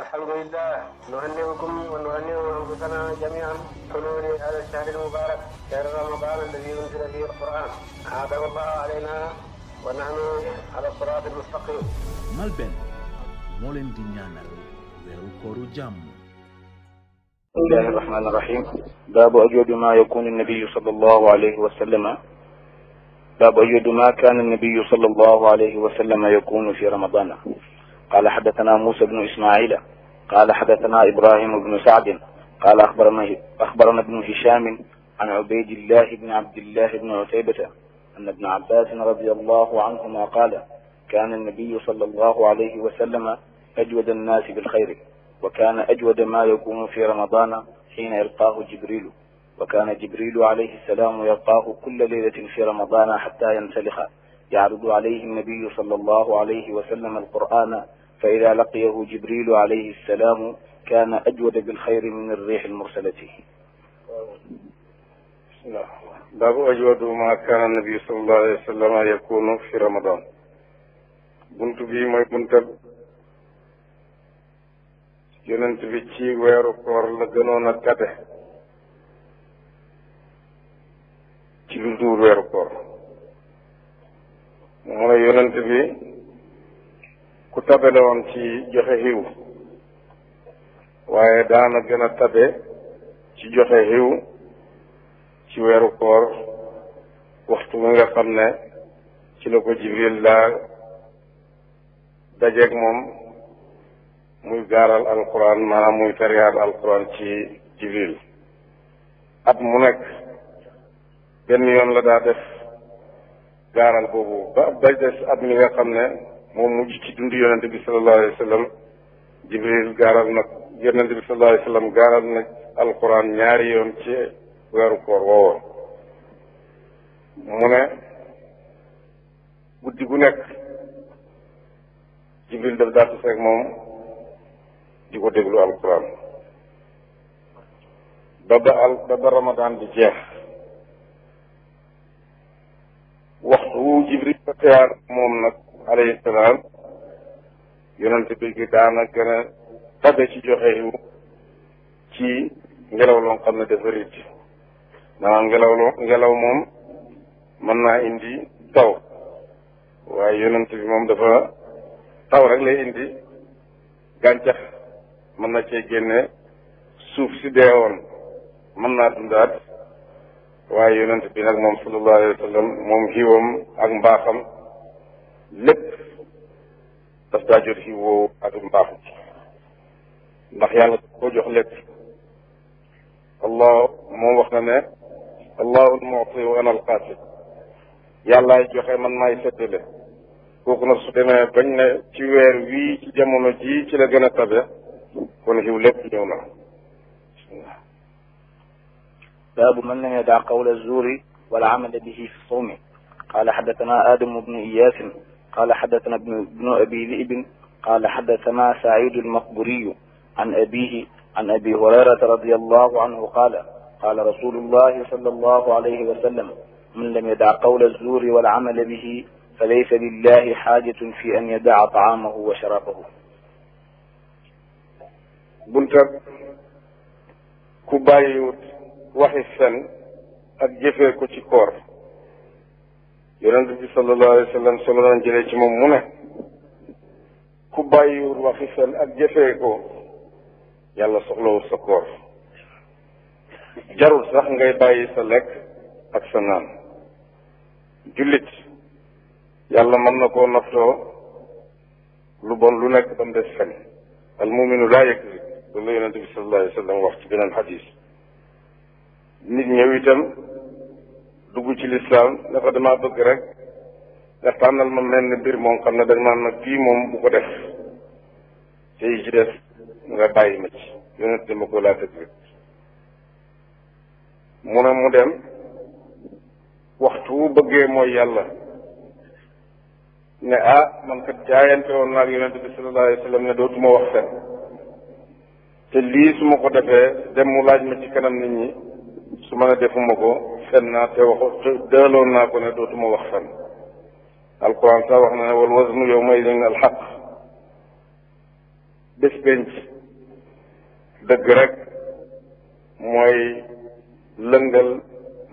الحمد لله نهنئكم ونهنئ انفسنا جميعا حلول هذا الشهر المبارك شهر رمضان الذي انزل فيه القران هذا الله علينا ونحن على الصراط المستقيم Malben moo leen di ñaanal weeru kooru jàmm bismillahi rahmani rahim baabu ajodu ma yakunu nabiyu sal allahu alayhi wa sallama baabu ajodu ma kaana nabiyu sal allahu alayhi wa sallama yakunu fi ramadana قال حدثنا موسى بن إسماعيل قال حدثنا إبراهيم بن سعد قال أخبرنا أخبرنا ابن هشام عن عبيد الله بن عبد الله بن عتيبة أن ابن عباس رضي الله عنهما قال كان النبي صلى الله عليه وسلم أجود الناس بالخير وكان أجود ما يكون في رمضان حين يلقاه جبريل وكان جبريل عليه السلام يلقاه كل ليلة في رمضان حتى ينسلخ يعرض عليه النبي صلى الله عليه وسلم القرآن fa ida laqiyahu jibrilu alayhi salaamu kaana ajwada bilxayri min arriix almursalati bismillah baabu ajwadu ma kaana nabiyu sallallahu alayhi wa sallam yakunu fi ramadan bunt bi mooy buntab yonent bi ci weeru koor la gënoon a tàtte ci lu duur weeru koor mu ne yonent bi tabe la woon ci joxe xiw waaye daana gën a tabe ci joxe xiw ci weeru koor waxtu wi nga xam ne ci la ko jibril laa dajeeg moom muy gaaral alquran maanaam muy tariyaat alquran ci jibril at mu nekk benn yoon la daa def gaaral boobu ba ba at mi nga xam ne moo mujj ci dund yonente bi sallallahu alayhi jibril gaaral nag yonente bi sallallahu alayhi gaaral nag alquran ñaari yoon ci weeru koor woowoon mu ne guddi gu nekk jibril daf daal di seeg moom di ko déglu alquran ba ba al ba ba di jeex waxtu jibril ba teyaar moom nag alayhi salaam yonent bi gi daanaka gën a ci joxe yu ci ngelaw loo xam ne dafa rit maanaam ngelaw loo ngelaw moom mën naa indi taw waaye yonent bi moom dafa taw rek lay indi gàncax mën na cee génne suuf si deewoon mën naa dundaat waaye yonent bi nag moom sallallahu alayhi wa moom xiiwam ak mbaaxam lépp daf daa jot ci woo ak mbaax ci ndax yàlla ko allah moom wax na ne allahu almuti wa ana alqaatil yàllaay man maay seddale kooku nag su demee bañ ne ci weer wii ci jamono jii ci la gën a tabe kon xiw lépp ñëw na baabu man lam yadaa qawla zuuri wala amala bihi fi sawmi qaala xaddatana aadamu bnu قال حدثنا ابن أبي ذئب قال حدثنا سعيد المقبري عن أبيه عن أبي هريرة رضي الله عنه قال قال رسول الله صلى الله عليه وسلم من لم يدع قول الزور والعمل به فليس لله حاجة في أن يدع طعامه وشرابه buntab ku bàyyiwut waxi fen ak jëfee ko ci koor yonent bi sallallahu alayhi wa sallam solo naan jëlee ci moom mu ne ku bàyyiwul waxi fen ak jëfee ko yàlla soxlawul sa koor jarul sax ngay bàyyi sa lekk ak sa naan jullit yàlla mën na koo naftoo lu bon lu nekk ba mu des fen al muminu laa yakzib loolu la yonent bi sallallahu wax ci beneen xadis nit ñëw itam dugg ci lislaam ne ko damaa bëgg rek nga tànnal ma mel ni mbir moom xam ne dañ maan nag kii moom bu ko def te yi ci des nga bàyyi ma ci yonent dama ko laa tëgg mu ne mu dem waxtu wu bëggee mooy yàlla ne ah man kat jaayante woon naag yonent bi sallallahu alayhi ne dootuma wax fen te lii su ma ko defee dem mu laaj ma ci kanam nit ñi su ma ne defuma ko fen naa te waxu te dëloon naa ko ne dootuma wax fen alquran sax wax na ne wal wasnu yow may din xaq bés penc dëgg rek mooy lëngal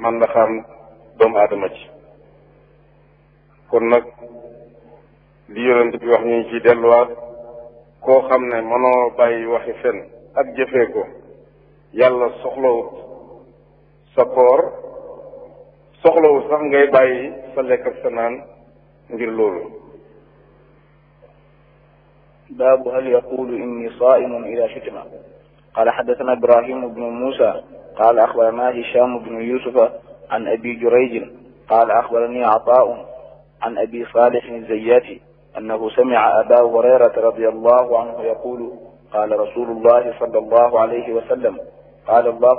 man la xam doomu aadama ci kon nag li yonent bi wax ñu ngi ciy delluwaat koo xam ne mënoo bàyyi waxi fen ak jëfee ko yàlla soxlawut sa koor soxlawu sax ngay bàyyi sa lekk ak sa naan ngir loolu baabu hal yaqulu inni saimun ida shutima qala xadatana ibrahim bnu musa qala axbarana hisham bnu yusufa an abi jurayjin قال أخبرني عطاء عن أبي صالح الزياتي أنه سمع أبا هريرة رضي الله عنه يقول قال رسول الله صلى الله عليه وسلم قال الله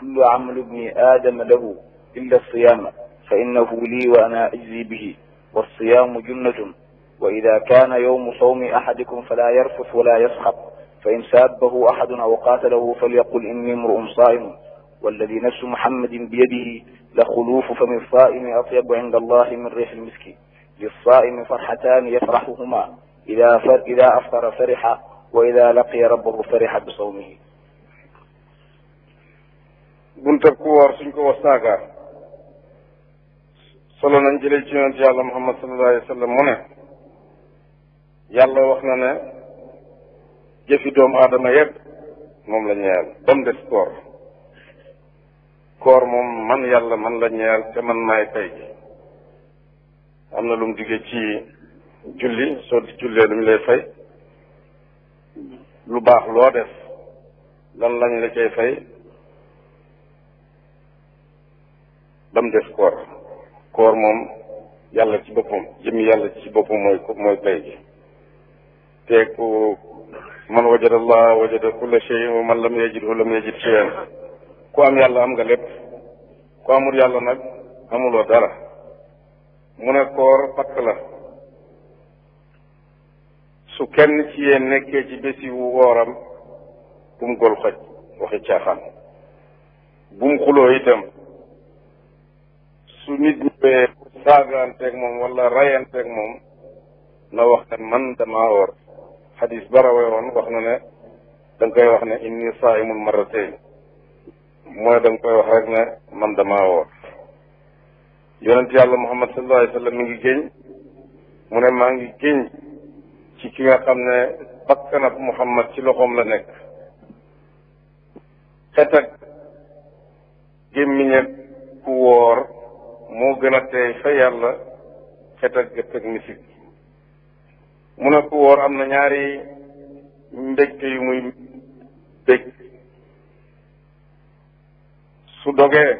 كل عمل ابن آدم له illa alsiyaama fa innahu lii wa ana ajzi bihi walsiyaamu junnatun wa ida kaana yowmu sawmi ahadikum fala yarfus wala yasxab fa in saabbahu ahadun aw qaatalahu falyaqul inni imru'un saa'imun walladi nafsu muhammadin biyadihi la xuluufu fami saa'imi atyabu inda allahi min riixi lmiski للصائم فرحتان يفرحهما إذا فر إذا أفطر فرح وإذا لقي ربه فرح بصومه. buntab ku woor suñ ko wasaagaar solo nañ jëlee ci yonent yàlla muhammad sallallahu alayhi wa sallam mu ne yàlla wax na ne jëfi doomu aadama yëpp moom la ñeel ba mu des koor koor moom man yàlla man la ñeel te man maay fay am na lu mu diggee ci julli soo di jullee lu ñu lay fay lu baax loo des lan lañ la cay fay ba mu des koor koor moom yàlla ci boppam jëmmi yàlla ci boppam mooy mooy pay gi te ku man wajada allah wajada kulla shay wa man lam yajidhu lam yajid shayan ku am yàlla am nga lépp ku amul yàlla nag amuloo dara mu ne koor pakk la su kenn ci yéen nekkee ci bési wu wooram bu mu gol xoj waxi caaxaan bu mu xuloo itam su nit ñëwee saagaanteeg moom wala rayanteeg moom na wax ne man damaa woor xadis barawee woon wax na ne da koy wax ne inni saa'imun marratayn mooy da koy wax rek ne man damaa woor yonent yàlla muhammad sallallahu alayhi wa sallam ngi géñ mu ne maa ngi géñ ci ki nga xam ne bakkanab muhammad ci loxoom la nekk xet ak ku wóor moo gën a teey fa yàlla xet ak gët ak misik mu ne ku wóor am na ñaari mbégte yu muy bég su dogee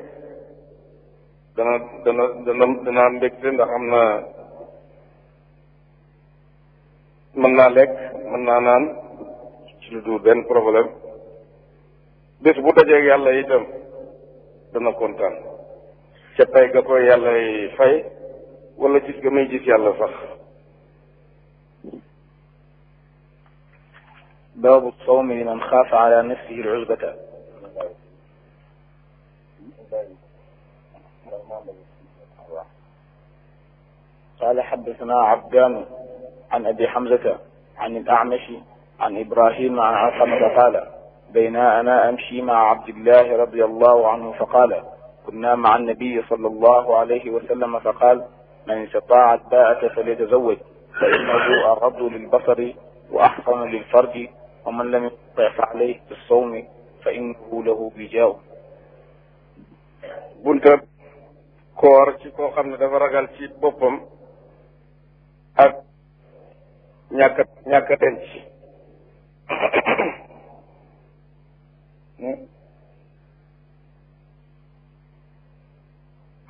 dana dana dana dana ndax am na mën naa lekk mën naa naan ci lu dul benn problème bés bu dajeeg yàlla itam dana kontaan ca pay ga ko yàllay fay wala gis ga may gis yàlla sax baabu sawmi liman xaafa ala nafsihi al-usbata قال حدثنا عبدان عن أبي حمزة عن الأعمش عن إبراهيم عن علقمة قال بينا أنا أمشي مع عبد الله رضي الله عنه فقال كنا مع النبي صلى الله عليه وسلم فقال من استطاع الباءة فليتزوج فإنه أغض للبصر وأحصن للفرج ومن لم يستطع فعليه بالصوم فإنه له وجاء buntab koor ci koo xam ne dafa ragal ci boppam ak ñàkk ñàkk denc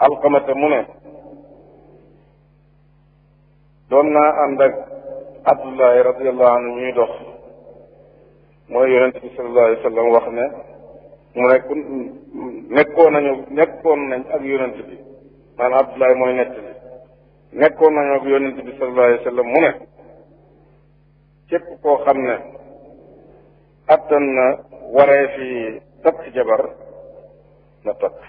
alxamata mu ne doon naa ànd ak abdullahi radiallahu anhu ñuy dox mooy yonente bi sallallahu wax ne mu nekk nekkoon nañu nekkoon nañ ak yonente bi maanaam abdullahi mooy nett li nekkoon nañu ak yonente bi sallallahu alayhi mu ne képp koo xam ne attan na waree fi takk jabar na takk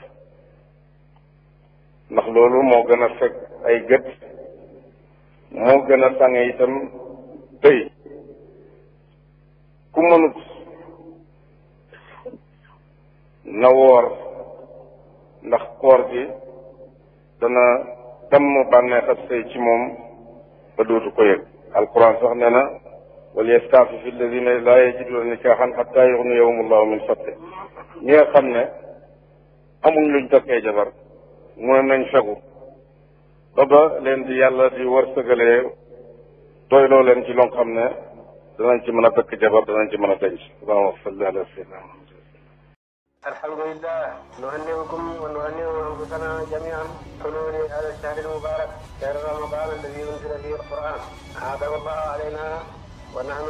ndax loolu moo gën a fekk ay gët moo gën a sange itam tëy ku mënut na woor ndax koor gi dana damm bànneex ab sëy ci moom ba dootu ko yëg alquran sax nee na wal yastaafifi alladina laa yajiduna nikaaxan xatta yuxniyahum allahu min fadli ñi nga xam ne amuñ luñ takkee jabar mënoon nañ fegu ba ba leen di yàlla di wërsëgalee doyloo leen ci loo xam ne danañ ci mën a takk jabar danañ ci mën a denc allahumma salli ala sayyidina Muhammad الحمد لله نهنئكم ونهنئ انفسنا جميعا حلول هذا الشهر المبارك شهر رمضان الذي انزل فيه القران هذا الله علينا ونحن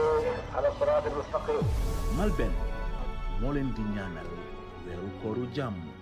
على الصراط المستقيم Malben moo leen di ñaanal weeru kooru jàmm